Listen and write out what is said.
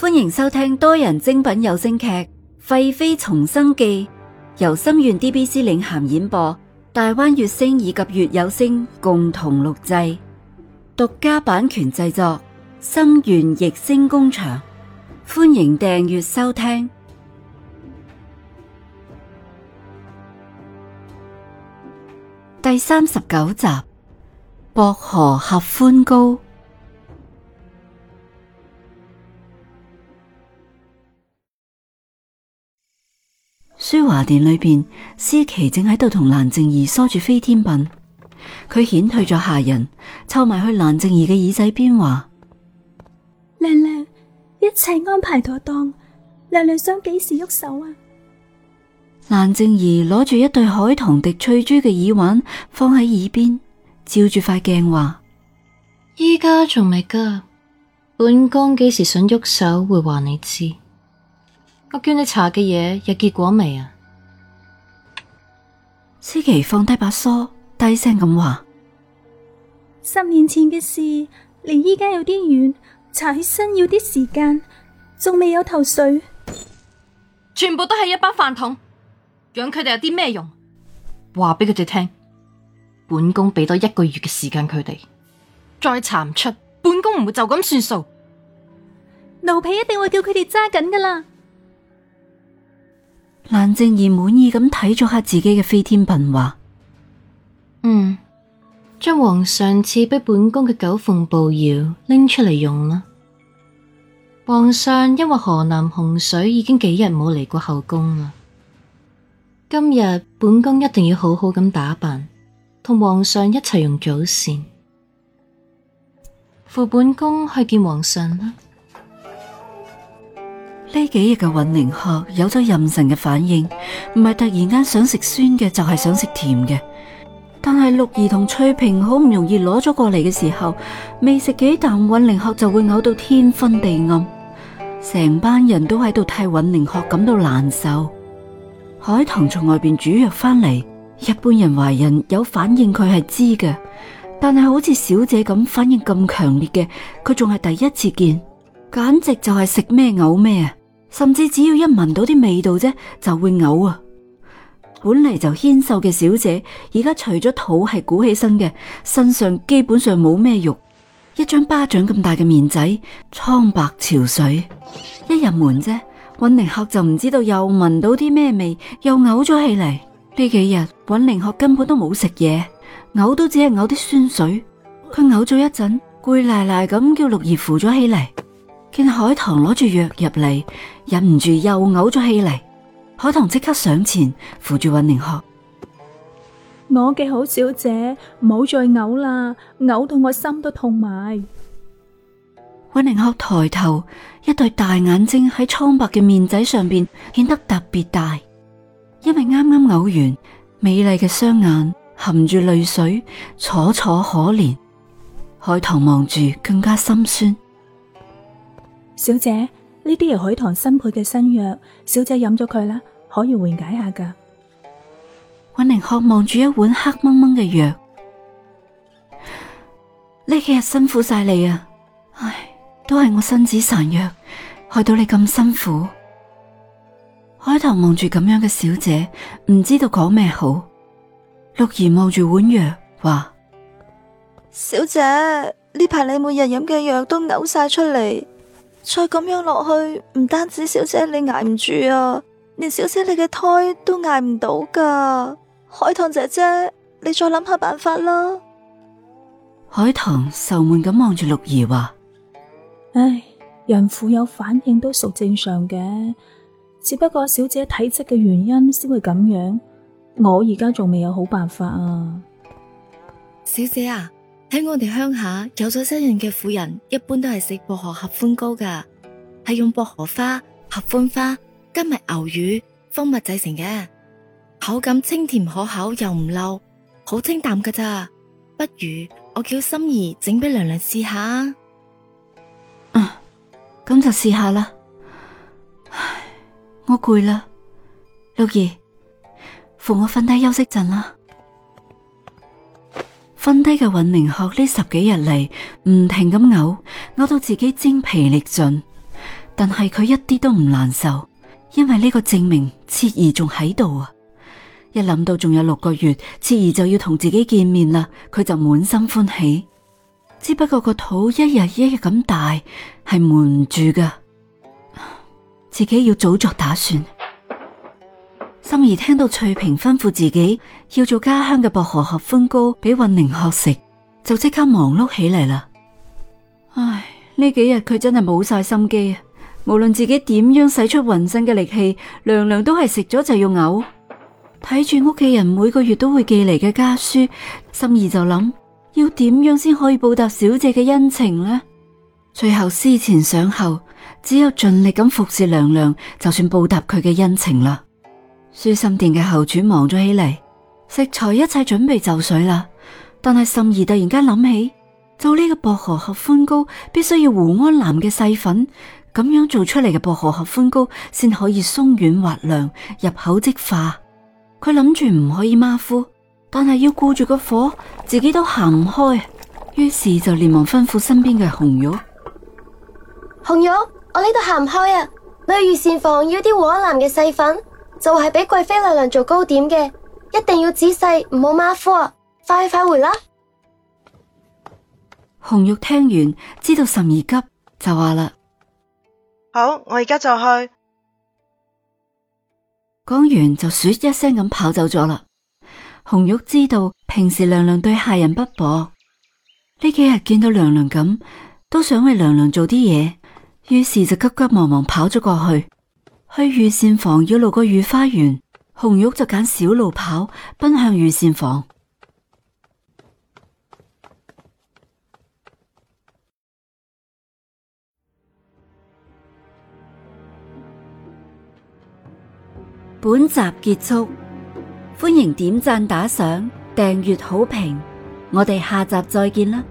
歡迎收聽多人精品有聲劇《廢妃重生記》，由心願 D B C 領銜演播，大灣月星以及月有聲共同錄製，獨家版權製作，心願逸星工場。歡迎訂閱收聽第三十九集《薄荷合歡糕》。珠華殿裏邊，思琪正喺度同蘭靜儀梳住飛天鬢，佢遣退咗下人，湊埋去蘭靜儀嘅耳仔邊話：娘娘，一切安排妥當，娘娘想幾時喐手啊？蘭靜儀攞住一對海棠滴翠珠嘅耳環，放喺耳邊，照住塊鏡話：依家仲未噶，本宮幾時想喐手會話你知。我叫你查嘅嘢有結果未啊？思琪放低把梳，低聲咁話：十年前嘅事，離依家有啲遠，查起身要啲時間，仲未有頭緒。全部都係一包飯桶，養佢哋有啲咩用？話俾佢哋聽，本宮俾多一個月嘅時間佢哋，再查唔出，本宮唔會就咁算數。奴婢一定會叫佢哋揸緊㗎喇。蘭靜怡滿意咁睇咗下自己嘅飛天鬢，話：嗯，將皇上賜俾本宮嘅九鳳步搖拎出嚟用啦。皇上因為河南洪水已經幾日冇嚟過後宮啦，今日本宮一定要好好咁打扮，同皇上一齊用早膳，扶本宮去見皇上啦。呢幾日嘅尹寧鶴有咗妊娠嘅反應，唔係突然間想食酸嘅，就係、是、想食甜嘅。但係鹿兒同翠萍好唔容易攞咗過嚟嘅時候，未食幾啖尹寧鶴就會嘔到天昏地暗，成班人都喺度替尹寧鶴感到難受。海棠從外邊煮藥翻嚟，一般人懷孕有反應佢係知嘅，但係好似小姐咁反應咁強烈嘅，佢仲係第一次見，簡直就係食咩嘔咩啊！甚至只要一聞到啲味道啫，就會嘔啊！本嚟就纖瘦嘅小姐，而家除咗肚係鼓起身嘅，身上基本上冇咩肉，一張巴掌咁大嘅面仔，蒼白憔悴。一入門啫，尹寧鶴就唔知道又聞到啲咩味，又嘔咗起嚟。呢幾日尹寧鶴根本都冇食嘢，嘔都只係嘔啲酸水。佢嘔咗一陣，攰賴賴咁叫六兒扶咗起嚟。見海棠攞住藥入嚟，忍唔住又嘔咗起嚟。海棠即刻上前扶住允寧鶴，我嘅好小姐，唔好再嘔啦，嘔到我心都痛埋。允寧鶴抬頭，一對大眼睛喺蒼白嘅面仔上邊顯得特別大，因為啱啱嘔完，美麗嘅雙眼含住淚水，楚楚可憐。海棠望住，更加心酸。小姐，呢啲係海棠新配嘅新藥，小姐飲咗佢啦，可以緩解下噶。允寧渴望住一碗黑蒙蒙嘅藥，呢幾日辛苦晒你啊！唉，都係我身子孱弱，害到你咁辛苦。海棠望住咁樣嘅小姐，唔知道講咩好。六兒望住碗藥，話：小姐，呢排你每日飲嘅藥都嘔晒出嚟。再咁樣落去，唔單止小姐你挨唔住啊，連小姐你嘅胎都挨唔到噶。海棠姐姐，你再諗下辦法啦。海棠愁悶咁望住六兒話，唉，孕婦有反應都屬正常嘅，只不過小姐體質嘅原因先會咁樣。我而家仲未有好辦法啊，小姐啊。喺我哋鄉下，有咗身孕嘅婦人，一般都係食薄荷合歡糕噶，係用薄荷花、合歡花，加埋牛乳、蜂蜜製成嘅，口感清甜可口又唔漏，好清淡噶咋。不如我叫心怡整俾娘娘試下啊。嗯，咁就試下啦。唉，我攰啦，六兒，扶我瞓低休息陣啦。瞓低嘅尹明學呢十幾日嚟，唔停咁嘔，嘔到自己精疲力盡，但係佢一啲都唔難受，因為呢個證明徹兒仲喺度啊！一諗到仲有六個月，徹兒就要同自己見面啦，佢就滿心歡喜。只不過個肚一日一日咁大，係瞞唔住㗎，自己要早作打算。心怡聽到翠平吩咐自己要做家鄉嘅薄荷合歡糕俾運寧學食，就即刻忙碌起嚟啦。唉，呢幾日佢真係冇晒心機啊！無論自己點樣使出渾身嘅力氣，娘娘都係食咗就要嘔。睇住屋企人每個月都會寄嚟嘅家書，心怡就諗要點樣先可以報答小姐嘅恩情呢？最後思前想後，只有盡力咁服侍娘娘，就算報答佢嘅恩情啦。舒心殿嘅後廚忙咗起嚟，食材一切準備就緒啦。但係心怡突然間諗起，做呢個薄荷合歡糕必須要胡安南嘅細粉，咁樣做出嚟嘅薄荷合歡糕先可以鬆軟滑涼，入口即化。佢諗住唔可以馬虎，但係要顧住個火，自己都行唔開。於是就連忙吩咐身邊嘅紅玉：紅玉，我呢度行唔開啊，你去御膳房要啲胡安南嘅細粉。就係俾貴妃娘娘做糕點嘅，一定要仔細，唔好馬虎啊！快去快回啦！紅玉聽完，知道十二急，就話啦：好，我而家就去。講完就噓一聲咁跑走咗啦。紅玉知道平時娘娘對下人不薄，呢幾日見到娘娘咁，都想為娘娘做啲嘢，於是就急急忙忙跑咗過去。去御膳房要路過御花園，紅玉就揀小路跑，奔向御膳房。本集結束，歡迎點贊打賞、訂閱好評，我哋下集再見啦！